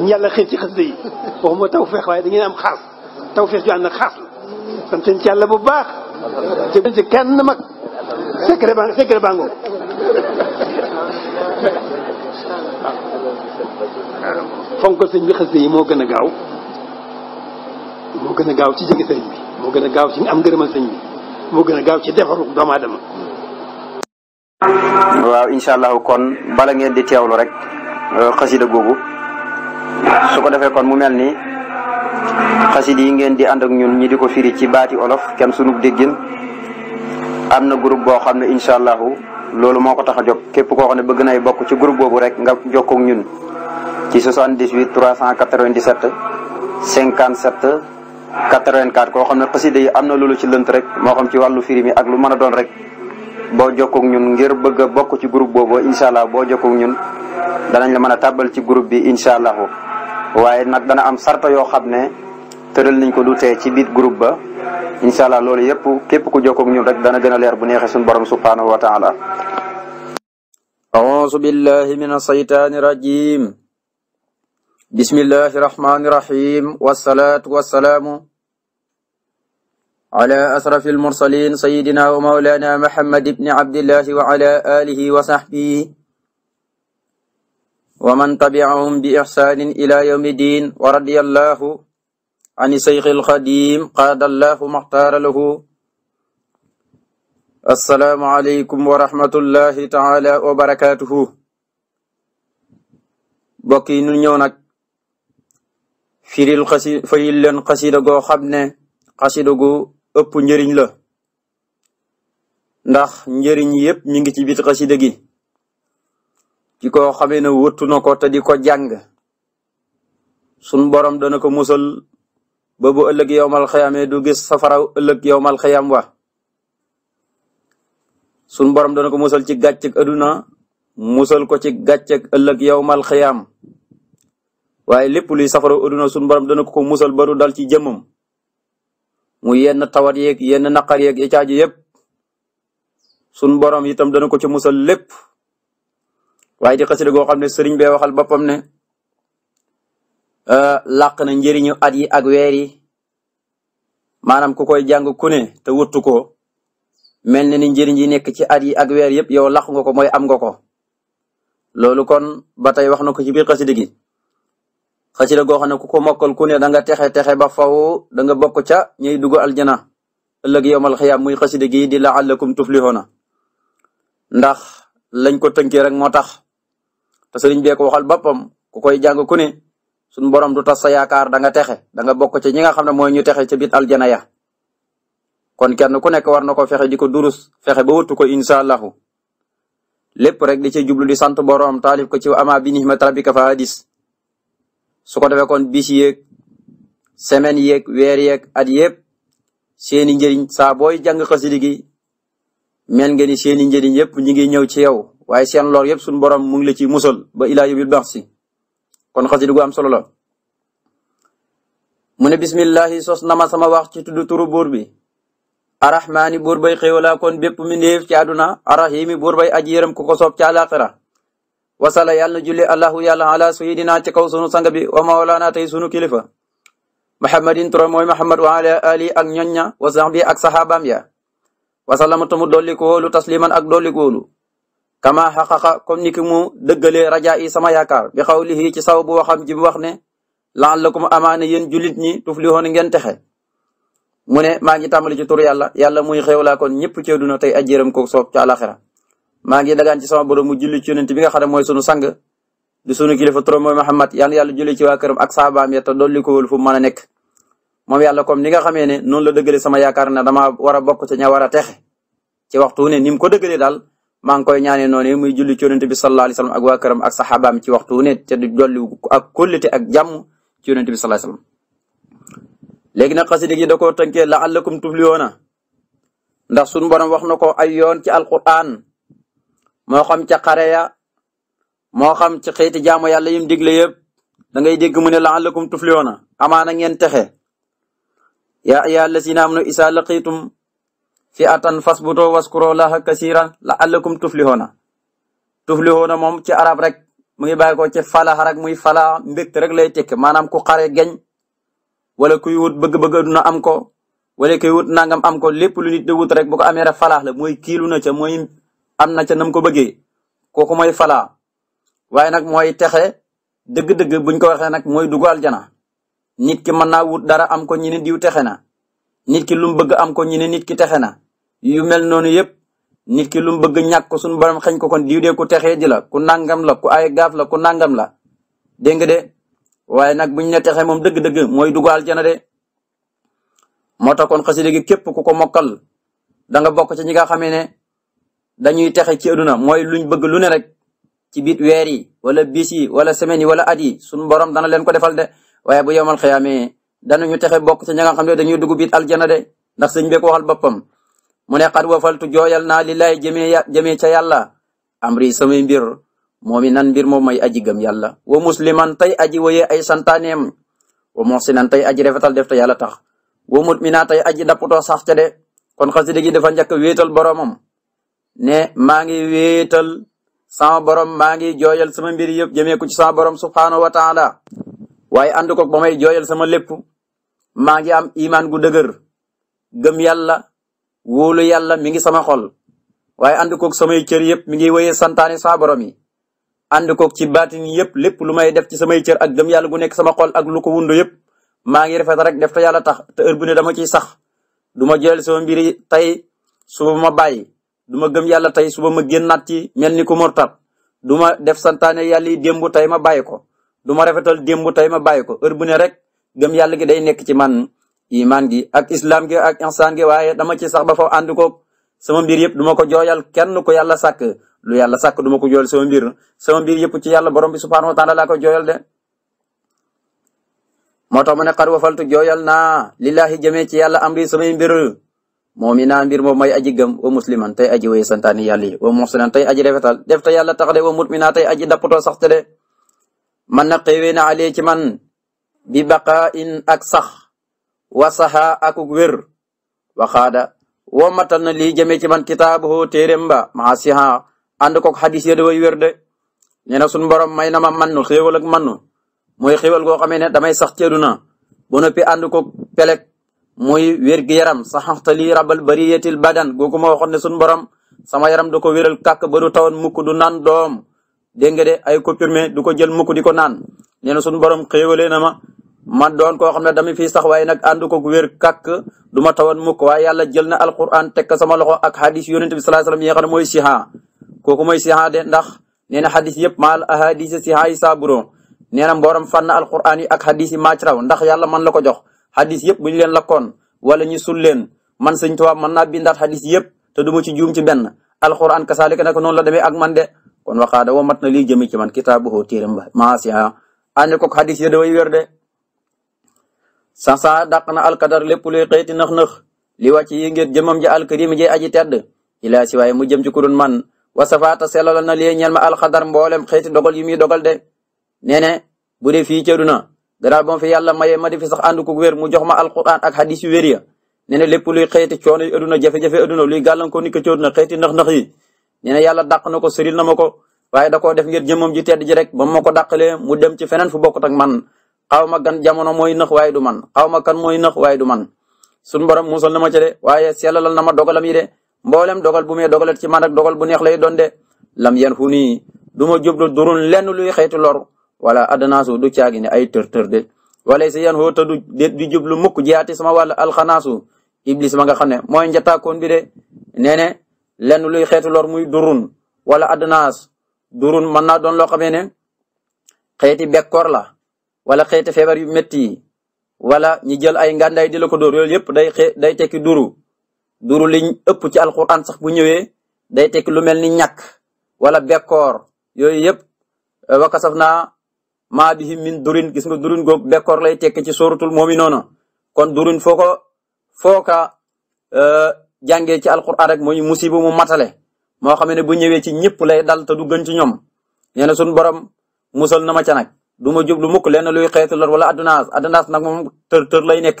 ñu yàlla xëy ci xasida yi waxuma tawfeex waaye da ngeen am xaas tawfeex ju ànd ak xaas la sant ci yàlla bu baax jëgn ci kenn mag secret baa sëñ bi xasida yi moo gën a gaaw moo gën a gaaw ci jege sëñ bi moo gën a gaaw ci am ngërëmal sëñ bi moo gën a gaaw ci defaru doomu aadama waaw incha allahu kon bala ngeen di teewlu rek euh, xasida googu su ko defee kon mu mel ni xasid yi ngeen di ànd ak ñun ñi di ko firi ci baati olof kenn sunub déggin am na groupe boo xam ne incha allahu loolu moo ko tax a jóg képp koo xam ne bëgg nay bokk ci group boobu rek nga jokkoo ñun ci 78 397 57 84 koo xam ne xasida yi am na loolu ci lënt rek moo xam ci wàllu firi mi ak lu mën a doon rek boo jokkoo ñun ngir bëgg a bokk ci groupe boobu incha boo jokkoo ñun danañ la mën a tàbbal ci groupe bi incha allahu waaye nag dana am sarta yoo xam ne tëral nañ ko du tee ci biir groupe ba incha allah loolu yëpp ku jokkoog ñun rek dana gën a leer bu neexee suñu borom subhaanahu wa taala auzu billahi min asaytaani rajim bismillahi rahmaani rahim wasalaatu wasalaamu ala asrafi almursalin sayidina wa maulana muhammad ibni abdillahi wa ala alihi wa sahbihi wa man tabi'ahum bi ihsanin ila yawmi din wa radiyallahu ani seyxil xadim qaadallahu maxtaara lahu assalaamu aleykum wa rahmatullahi taala wa barakaatuhu bokk yi nun ñëw nag firil xasi fayil leen xasida goo xam ne xasida gu ëpp njëriñ la ndax njëriñ yépp mi ngi ci biir gi ci koo xamee ne wëttu na ko te di ko jàng sun borom dana ko musal babu bu ëllëg yowmal xayaamee du gis safara ëllëg yowmal xayaam wa sun borom dana ko musal ci gàcceg aduna musal ko ci gàcceg ëllëg yowmal xayaam waaye lépp luy safara aduna sun borom dana ko ko musal ba dal ci jëmmam mu yenn tawat yeeg yenn naqar yeeg yi caaju yépp sun borom itam dana ko ci musal lépp waaye di xasida goo xam ne sëriñ bee waxal boppam ne euh, làq na njëriñu at yi ak weer yi maanaam ku koy jàng ku ne te wuttu ko mel na ni njëriñ yi nekk ci at yi ak weer yëpp yow làq nga ko mooy am nga ko loolu kon ba tey wax na ko ci biir xasida gi xasida goo xam ne ku ko mokkal ku ne da nga texe texe ba faw danga nga bokk ca ñuy dugg aljana ëllëg yowmal xiyaam muy xasida gi di laallakum tuflihoona ndax lañ ko tënkee rek moo tax te sëriñ bee ko waxal boppam ku koy jàng ku ne suñ borom du tas sa yaakaar da nga texe da nga bokk ci ñi nga xam ne mooy ñu texe ca biir aljana ya kon kenn ku nekk war na ko fexe di ko durus fexe ba wutu ko incha allahu lépp rek di ci jublu di sant borom taalif ko ci ama bi nihmat rabbika fa hadis su ko defee kon bis yeeg semaine yeeg weer yeeg at yëpp seeni njëriñ saa booy jàng xasidi gi mel nga ni seeni njëriñ yëpp ñu ngi ñëw ci yow waaye seen lor yëpp suñu borom mu ngi la ciy musal ba ilaa yóbbil baax kon xasida gu am solo la mu ne bismillahi sos nama sama wax ci tudd turu buur bi arahmaani buur kon bépp mbindeef ci àdduna arahimi buur bay aji yërëm ku ko soob ci àlaaxira wasala yàlla na julli allahu yàlla ala sayidina ci kaw sunu sang bi wa mawlaana tey sunu kilifa muhammadin turam muhammad wa ala ali ak ñoñña wa saxbi ak saxaabaam ya wasalama tamu dolli ko wóolu tasliman ak dolli kama xaqaqa comme ni ki mu dëggalee raja yi sama yaakaar bi xawlihi ci saw bu waxam ji mu wax ne la'allakum amaana yéen jullit ñi tuflihoon ngeen texe mu ne maa ngi tàmbali ci tur yalla yàlla muy xew laa kon ñëpp ci àddina tey ajjëram ko soob ci àlaxira maa ngi dagaan ci sama borom mu julli ci yonent bi nga xam ne mooy sunu sang di sunu kilifa turam mooy Muhammad yàlla yàlla julli ci waa këram ak saabaam ya te dolli ko wul fu mën a nekk moom yàlla comme ni nga xamee ne noonu la dëggale sama yaakaar ne dama war a bokk ci war a texe ci waxtu maa ngi koy ñaanee noonu muy julli ci yonent bi sallallahu alayhi wasallam ak waa këram ak saxaabaam ci waxtu wu ne te du dolli ak kóllite ak jàmm ci yonent bi sallallahu alayhi wasallam léegi nag xasida gi da koo tënkee la'allakum tuflihoona ndax suñu bonam wax na ko ay yoon ci alquran moo xam ca xare moo xam ci xeeti jaamu yàlla yim digle yëpp da ngay dégg mu ne la'allakum tuflihoona amaana ngeen texe yaa ayyuhal lazina amanu izaa laqiitum fi atan fasbuto waskuro laha kasiran la allakum tuflihona tuflihona moom ci arab rek mu ngi bàyyi ko ci falaxa rek muy fala mbégte rek lay tekki maanaam ku xare geñ wala kuy wut bëgg-bëgg aduna am ko wala kuy wut nangam am ko lépp lu nit di wut rek bu ko amee rek falax la mooy kiilu na ca mooy am na ca nam ko bëggee kooku mooy fala waaye nag mooy texe dëgg-dëgg buñ ko waxee nag mooy dugg aljana nit ki mën naa wut dara am ko ñi ne diw texe na nit ki lu bëgg am ko ñu ne nit ki texe na yu mel noonu yëpp nit ki lu mu bëgg ñàkk ko suñu borom xañ ko kon diw dee ku texee ji la ku nangam la ko ay gaaf la ku nangam la dégg nga de waaye nag buñ ne texe moom dëgg-dëgg mooy dugg aljana de moo tax kon xasida gi képp ku ko mokkal da nga bokk ci ñi nga xamee ne dañuy texe ci aduna mooy luñ bëgg lu ne rek ci biit weer yi wala bis yi wala semaine yi wala at yi suñu borom dana leen ko defal de waaye bu yomal xiyaamee danañu texe bokk ci ña nga xam ne dañuy dugg biit aljana de ndax sëñ bi waxal boppam mu ne xat wafaltu jooyal naa lillaay jëmee jëmee ca yàlla amri samay mbir moomi nan mbir moom may aji gëm yàlla wa musliman tey aji woyee ay santaaneem wa muhsinan tey aji rafetal def te yàlla tax wa mutmina tey aji dapputoo sax ca de kon xasida gi dafa njëkk wéetal boromam ne maa ngi wéetal sama borom maa ngi jooyal sama mbir yëpp jëmee ko ci sama borom subhanahu wa taala waaye ànd koog ba may jooyal sama lépp maa ngi am imaan gu dëgër gëm yàlla wóolu yàlla mi ngi sama xol waaye ànd koog samay cër yëpp mi ngi wéyee santaane saa borom yi ànd koog ci baatin yëpp lépp lu may def ci samay cër ak gëm yàlla gu nekk sama xol ak lu ko wund yëpp maa ngi rafet rek def te yàlla tax te heure bu ne dama ciy sax du ma jooyal sama mbiri tey suba ma bàyyi duma gëm yàlla tey suba ma génnaat ci mel ni ku murtat du ma def santaane yàlla yi démb tey ma bàyyi ko du ma rafetal démb tey ma bàyyi ko heure bu ne rek gëm yàlla gi day nekk ci man iman gi ak islam gi ak insaan gi waaye dama ci sax ba faw ànd ko sama mbir yëpp duma ko jooyal kenn ko yàlla sàkk lu yàlla sàkk du ko jooyal sama mbir sama mbir yëpp ci yàlla borom bi subhaanahu wa taala laa ko jooyal de moo tax mu ne xar wafaltu jooyal lillahi jëmee ci yàlla amri samay mbir moom i naa mbir moom mooy aji gëm wa musliman tey aji way santaani yàlla yi wa muhsinan aji rafetal def te tax de wa mutmina man na xéewee na ci man bi baqaa in ak sax wa saxa akuk wér waxaada woo matal na lii jëmee ci man kitaabu téerem ba maa siha ànd kook xadis ya daway wér de nee na sun borom may na ma man xéewal ak mannu mooy xéewal goo xamee ne damay sax ci àdduna ba noppi ànd kook pelek muy wér yaram saxaxta lii rabal bariyatil badan googu ma waxoon ne sun borom sama yaram do ko wéral kàkk ba du tawan mukk du nan doom dégg nga de ay comprimés du ko jël mukk di ko naan nee na suñu borom xéewalee na ma man doon koo xam ne dama fii sax waaye nag ànd ko wér kàkk du ma tawan mukk waaye yàlla jël na alquran teg ko sama loxo ak hadis yonent bi sallallahu alayhi wasallam yi nga xam ne mooy siha kooku ndax nee na hadis yëpp maal ahadis siha yi saaburo nee na mbooram fànn alquran yi ak hadis yi maac raw ndax yàlla man la ko jox hadis yëpp bu leen lakkoon wala ñu leen man sëñ tubaab mën naa bindaat hadis yëpp te du ma ci juum ci benn alquran kasaalika nag noonu la demee ak man de kon waxaada wo mat na lii jëmi ci man kitaabuhu téeram ba maasiha ànd ko xadis ya daway wér de sasa dàq na alkadar lépp luy xëyti nax-nax li wàcc yi ngir jëmam ji alkarimi ji aji tedd ilaa si waaye mu jëm ci kurun man wasafaata selala na lii ñeel ma alxadar mboolem xëyti dogal yi muy dogal de nee ne fii cëdu na gannaaw ba fi yàlla maye ma fi sax ànd ko wér mu jox ma alquran ak hadis yu wér ya nee ne lépp luy xëyti coono yi aduna jafe-jafe aduna luy gàllankoor ni ko yi nee na yàlla dàq na ko sëril na ma ko waaye da koo def ngir jëmmam ji tedd ji rek ba ma ko dàqalee mu dem ci feneen fu bokkut ak man xaw ma gan jamono mooy nëx waaye du man xaw ma kan mooy nëx waaye du man suñu borom musal na ma ca de waaye lal na ma dogalam yi de mboolem dogal bu may dogalat ci man ak dogal bu neex lay don de lam yan fu nii du ma jublu durun lenn luy xeetu lor wala adanaasu du caagi ne ay tër-tër de wala si yan hoo ta du di jublu mukk jiyaati sama wàll alxanaasu iblis ma nga xam ne lenn luy xeetu lor muy durun wala adnaas durun mën naa doon loo xamee ne xeeti bekkoor la wala xeeti feebar yu métti yi wala ñi jël ay ngàndaay di la ko dóor loolu yëpp day day tekki duru duru liñ ëpp ci alxuraan sax bu ñëwee day tekki lu mel ni ñàkk wala bekkoor yooyu yëpp eh, wakasaf na ma bihi min durin gis nga durin googu bekkoor lay tekki ci sóoratul moomi noonu kon durin foo ko foo ka eh, jàngee ci alquran rek mooy musiba mu matale moo xam ne bu ñëwee ci ñëpp lay dal ta du gën ci ñoom nee na suñu borom musal na ma ca nag du ma jublu mukk lenn luy xeetu lor wala addunaas addunaas nag moom tër tër lay nekk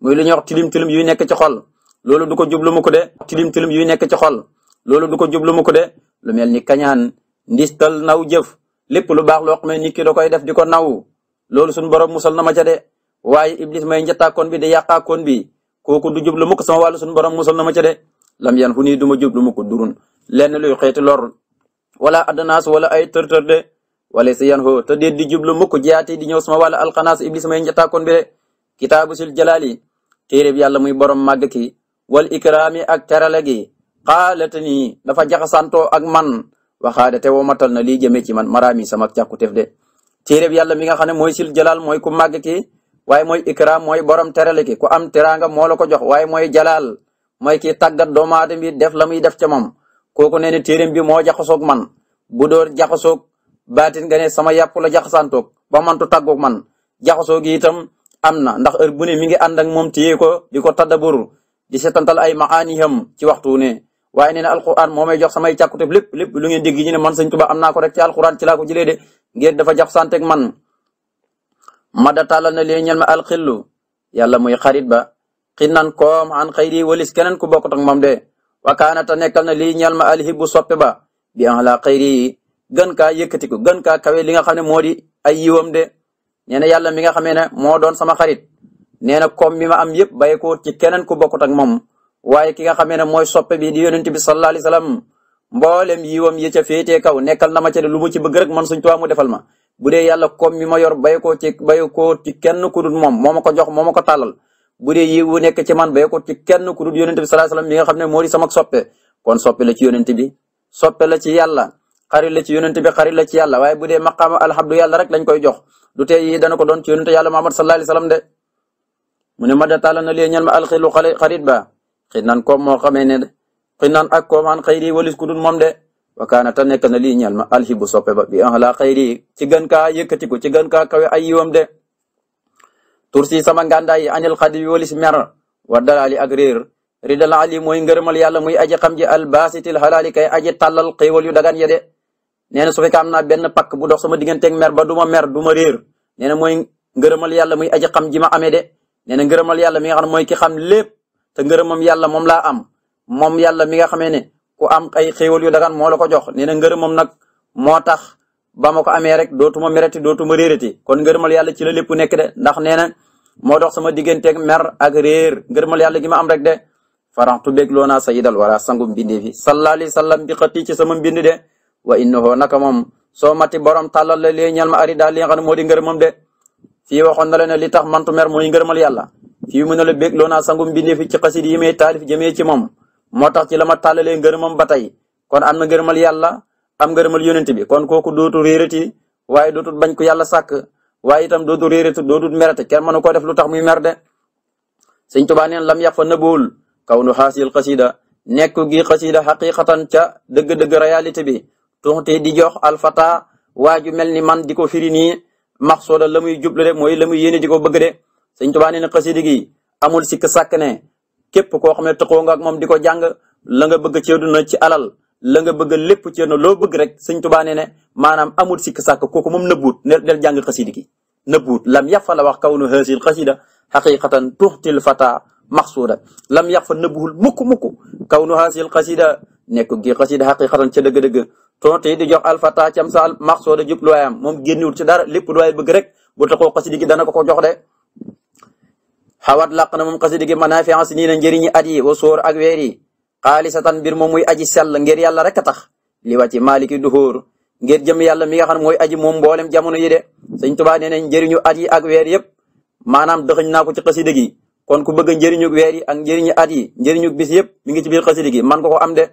muy lu ñuy wax tilim tilim yuy nekk ci xol loolu du ko jublu mukk de tilim tilim yuy nekk ci xol loolu du ko jublu mukk de lu mel ni kañaan ndistal naw jëf lépp lu baax loo xam ne nit ki koy def di ko naw loolu suñu borom musal na ma ca de waaye iblis may njëttaakoon bi di yàqaakoon bi kooku du jublu mukk sama wàllu suñu borom musal na ma ca de lam yan fu nii du ma jublu mukk durun lenn luy xeeti lor wala adanaas wala ay tërtër de wala si yan hoo te di jublu mukk jaati di ñëw sama wàllu alxanaas iblis may njataakoon bi de kitaabu sil jalaali téereb yàlla muy borom màgg ki wal ikraami ak terale gi xaalata nii dafa jaxasantoo ak man waxaade te woo matal na lii jëmee ci man maraami sama càkkuteef de téereb yàlla mi nga xam ne mooy sil ki waaye mooy ikram mooy borom terale ki ko am teraanga moo la ko jox waaye mooy jalaal mooy kii tàggat doomu aadama def la muy def ca moom kooku nee ne téeréem bi moo jaxasoog man bu door jaxasoog baatin nga ne sama yàpp la jaxasantoog ba mantu tàggoog man jaxasoog itam am na ndax heure bu ne mi ngi ànd ak moom téye ko di ko tadabur di ma ay maaniham ci waxtu ne waaye nee na alquran moo may jox samay càkkutef lépp lépp lu ngeen dégg ñu ne man sëñ Tuba am naa ko rek ci alquran ci laa ko jëlee de ngeen dafa jax santeeg man mada tàllal na lee ñel ma alxillu yàlla moy xarit ba xinnan koom an xayri walis keneen ku bokkut ak moom de wakaana ta nekkal na lii ñel ma alhibu soppe ba bi an la xayri gën kaa yëkkatiku gën kaa kawe li nga xam ne moo di ay yiwam de nee na yàlla mi nga xamee ne moo doon sama xarit nee na koom mi ma am yëpp bàyyi ko ci keneen ku bokkut ak moom waaye ki nga xamee ne mooy soppe bi di yonent bi sallallahu alayhi wasallam mboolem yiwam yi ca féetee kaw nekkal na ma ca de lu mu ci bëgg rek man suñ tuwaa mu defal ma bu dee yàlla koom mi ma yor bay ko ci bay ko ci kenn ku moom moo ma ko jox moo ma ko tàllal bu dee wu nekk ci man bay ko ci kenn ku dul yonent bi sallallahu alayhi wasallam mi nga xam ne moo di sama soppe kon soppe la ci yonent bi soppe la ci yàlla xarit la ci yonent bi xarit la ci yàlla waaye bu dee maqaama alhamdu yàlla rek lañ koy jox du tey yi dana ko doon ci yonent yàlla Muhammad sallallahu alayhi wasallam de mu ne ma da tàllal na lee ñal ma alxilu xarit ba xëy naan koom moo xamee ne xëy naan ak koom aan xëy di walis ku dul moom de wakaana ta nekk na lii ñal ma alxibu soppe ba bi ala xayri ci gën kaa yëkkatiku ci gën ka kawe ay yiwam de tursi sama yi anil xadi walis mer wa dalaali ak réer ridal ali mooy ngërëmal yàlla muy aji xam ji albasitil xalaali kay aji tàllal xéewal yu dagan ya de nee na su fekkee am naa benn pakk bu dox sama digganteeg mer ba du ma mer du ma réer nee na yàlla muy aji xam ji ma amee de nee na ngërëmal yàlla mi nga xam ne mooy ki xam lépp te ngërëmam yàlla moom laa am mom yàlla mi nga xamee ne ko am ay yo yu dagan moo la ko jox nee na ngërëmam nag moo tax ba ma ko amee rek dootuma mereti dootuma réerati kon ngërëmal yàlla ci la lépp nekk de ndax nee na moo dox sama digganteeg mer ak réer ngërëmal yàlla gi ma am rek de faraxtu bég loo naa sayidal wala sangum bindi fi sallallahu alayhi sallam bi xati ci sama mbind de wa innahu naka moom soo mati borom tallal la lee ñal ma ari daal li nga xam ne moo di ngërëmam de fii waxoon na la ne li tax mantu mer mooy ngërëmal yàlla fii mu ne la bég naa sangum bindi fi ci xasid ci moom moo tax ci la ma tàllalee ngërëmam ba tey kon am na ngërëmal yàlla am ngërëmal yonent bi kon kooku dootul réerati waaye dootul bañ ko yàlla sàkk waaye itam dootul réerati dootul merate kenn mënu ko def lu tax muy mer de sëñ Tuubaa neen lam yàq fa nëbbuwul kaw nu xaasil xasida nekk gi xasida xaqiqatan ca dëgg-dëgg réalité bi tuuti di jox alfata waa ju mel ni man di ko firi nii maxsooda la muy jublu rek mooy la muy yéene di ko bëgg de sëñ Tuubaa neen xasida gi amul sikk sàkk ne képp koo xam ne taxoo nga ak moom di ko jàng la nga bëgg ci àdduna ci alal la nga bëgg lépp ci àdduna loo bëgg rek sëñ Tuubaa nee ne maanaam amul sikk sàkk kooku moom nëbbuut ne del jàng xasida gi nëbbuut lam yax fa la wax kaw nu xaasil xasida xaqiqatan tuxtil fata maxsuuda lam yax fa nëbbuwul mukk mukk kaw nu xaasil xasida nekk gi xasida xaqiqatan ca dëgg-dëgg tonte di jox alfata cam saal maxsuuda jubluwaayam moom génniwul ci dara lépp lu bëgg rek bu taxoo xasida gi dana ko ko jox de xawaat làq na moom xasida gi manaafi'a siniina njëriñi at yi wa sóor ak weer yi mbir moom muy aji sell ngir yàlla rek a tax li wàcc maaliki duhóor ngir jëm yàlla mi nga xam mooy aji moom mboolem jamono yi de sëñ Tuubaa nee na njëriñu at yi ak weer yëpp maanaam dëxëñ naa ko ci xasida gi kon ku bëgg njëriñu weer yi ak njëriñu at yi njëriñu bis yëpp mi ngi ci biir xasida gi man ko ko am de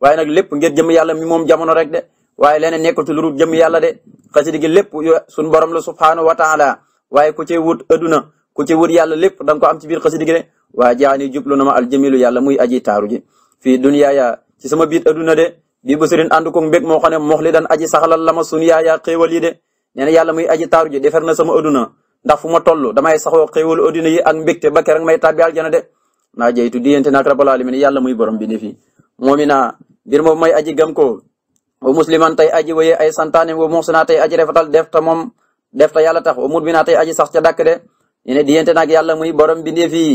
waaye nag lépp ngir jëm yàlla mi moom jamono rek de waaye leneen nekkul ci lu dul jëm yàlla de xasida gi lépp suñ borom la subhaanahu wa taala waaye ku wut aduna ku ci wut yàlla lépp da nga ko am ci biir xasida gi de waa jaani jublu ma aljamilu yàlla muy aji taaru ji fii dunyaaya ci sama biir aduna de bii basirin ànd ko mbég moo xam ne mox li dan aji saxalal la ma sun yaayaa xéewal yi de nee na yàlla muy aji taaru ji defar na sama aduna ndax fu ma toll damay saxoo xéewalu aduna yi ak mbégte ba keroog may tàbbi aljana de naa jeytu diyente naak rabal alamin yàlla muy borom bi ne fii moomina mbir moom may aji gëm ko wa musliman tey aji waye ay santaane wa muxsinaa tey aji refatal def ta moom sax ca dàkk de ñu ne diggante nag yàlla muy borom bindee fii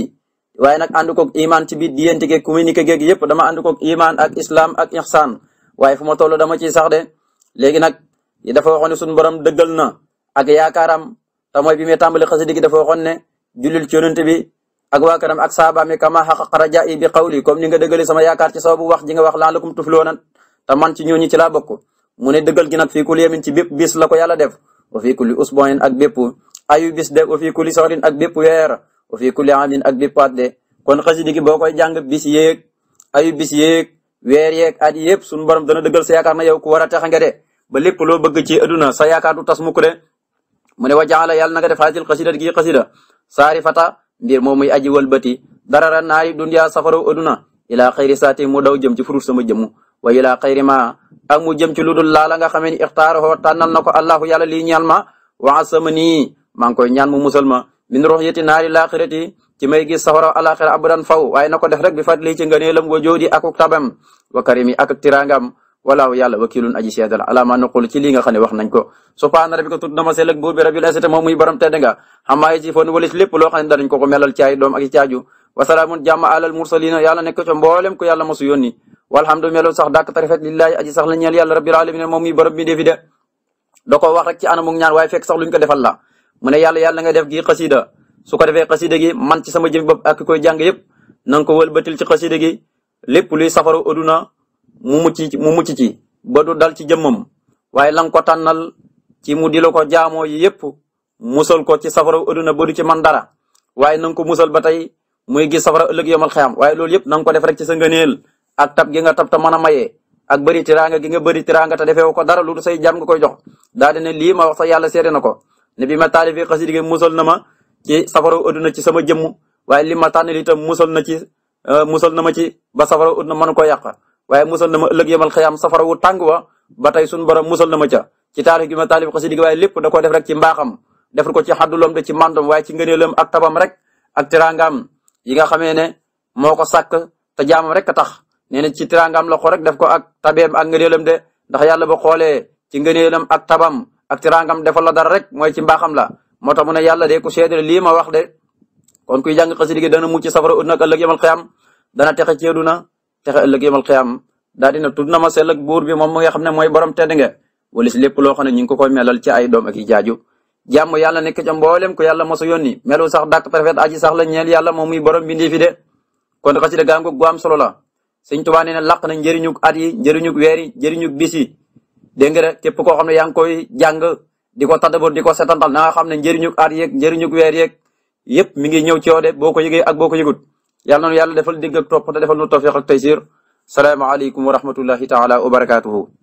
waaye nag ànd koog iman ci biir diggante geeg communiqué geeg yëpp dama ànd koog iman ak islam ak ihsan waaye fu ma toll dama ci sax de léegi nag dafa waxoon ne suñu borom dëggal na ak yaakaaram te mooy bi muy tàmbali xasida gi dafa waxoon ne jullil ci yonent bi ak waa këram ak saaba mi kama xaqaqa rajaa'i bi qawli comme ni nga dëggale sama yaakaar ci sababu wax ji nga wax la'allakum tuflihuuna te man ci ñooñu ci laa bokk mu ne dëggal gi nag fii kulli yamin ci bépp bis la ko yàlla def wa fii kulli usbu'in ayu bis de wa fii kulli ak bépp weer wa fii kulli amin ak bépp at de kon xasida gi boo koy jàng bis yeeg ayu bis yeeg weer yeeg at yëpp suñu borom dana dëggal sa yaakaar na yow ku war a tax nga de lépp loo bëgg ci aduna sa yaakaar du tas mukk de mu ne wa jaala yàlla na nga def xaasil xasida gi xasida saari fata mbir moom muy aji walbati darara naari dunyaa safaraw aduna ilaa xayri saati mu daw jëm ci furut sama jëmu wa ilaa xayri ma ak mu jëm ci lu dul laala nga xamee ni ixtaaroo tànnal na ko allahu yàlla lii ñal ma waa sama nii maa ngi koy ñaan mu musal ma min ruxyati naari laaxirati ci may gis safara alaxira abadan faw waaye na ko def rek bi fadli ci ngëneelam wa joodi akuk tabam wa karimi akuk tirangam walaaw yàlla wakilun aji seedal ala ma ci lii nga ne wax nañ ko subhaana rabbika tudd na ma moom muy borom tedd xamaa ci fon walis lépp loo xam ne danañ ko ko alal mursalina yàlla nekk ca ko yàlla mosu yónni walhamdu sax dàkk la ñeel yàlla rabbil alamin moom muy borom bi defi de da ko wax rek ci anamu mu ne yàlla yàlla na nga def gi xasida su ko defee xasida gi man ci sama jëf bopp ak koy jàng yëpp na nga ko ci xasida gi lépp luy safaru aduna mu mucc mu mucc ci ba du dal ci jëmmam waaye la nga ko tànnal ci mu di la ko jaamoo yëpp musal ko ci safaru aduna ba du ci man dara waaye na nga ko musal ba tey muy gis safara ëllëg yomal xiyam waaye loolu yëpp na nga ko def rek ci sa ngëneel ak tab gi nga tab te mën a maye ak bëri tiraanga gi nga bëri tiraanga te defeewu ko dara lu say jaam nga koy jox daa dina ma wax sa yàlla seere na ko ne bi ma taalifee xasida gi musal na ma ci safara adduna ci sama jëmm waaye li ma tànnal itam musal na ci euh, musal na ma ci ba safara adduna mën koo yàq waaye musal na ma ëllëg yemal xëyaam safara wu tàng wa ba tey suñu borom musal na ma ca ci taalif gi ma taalif xasida gi waaye lépp da koo def rek ci mbaaxam def ko ci xadduloom de ci mandom waaye ci ngëneelam ak tabam rek ak teraangaam yi nga xamee ne moo ko sàkk te jaamam rek a tax nee na ci teraangaam la ko rek def ko ak tabeem ak ngëneelam de ndax yàlla ba xoolee ci ngëneelam ak tabam ak tiraangam defal la dara rek mooy ci mbaaxam la moo tax mu ne yàlla de ku seede lii ma wax de kon kuy jàng xasida gi dana mucc safara ut nag ëllëg yemal xiyam dana texe ci àddina texe ëllëg yemal xiyam daa dina tudd na ma sell ak buur bi moom mi nga xam ne mooy borom tedd nga lépp loo xam ne ñu ngi ko koy melal ci ay doom ak i jaaju jàmm nekk ca mboolem ko yàlla mosa yónni melu sax dàkk perfet aji sax la ñeel yàlla moom muy borom bindee fi de kon xasida gaa gu am solo la sëñ Tuubaa nee na làq na njëriñug at yi njëriñug weer yi njëriñug bis yi dégg nga rek képp koo xam ne yaa ngi koy jàng di ko tadabbur di ko setantal na xam ne njëriñu at yeeg njëriñu weer yeeg yëpp mi ngi ñëw ci yow de boo ko yëgee ak boo ko yëgut yàlla noonu yàlla defal dégg ak topp te defal nu tawfiq ak taysir salaamaaleykum wa rahmatullahi taala wa barakaatuhu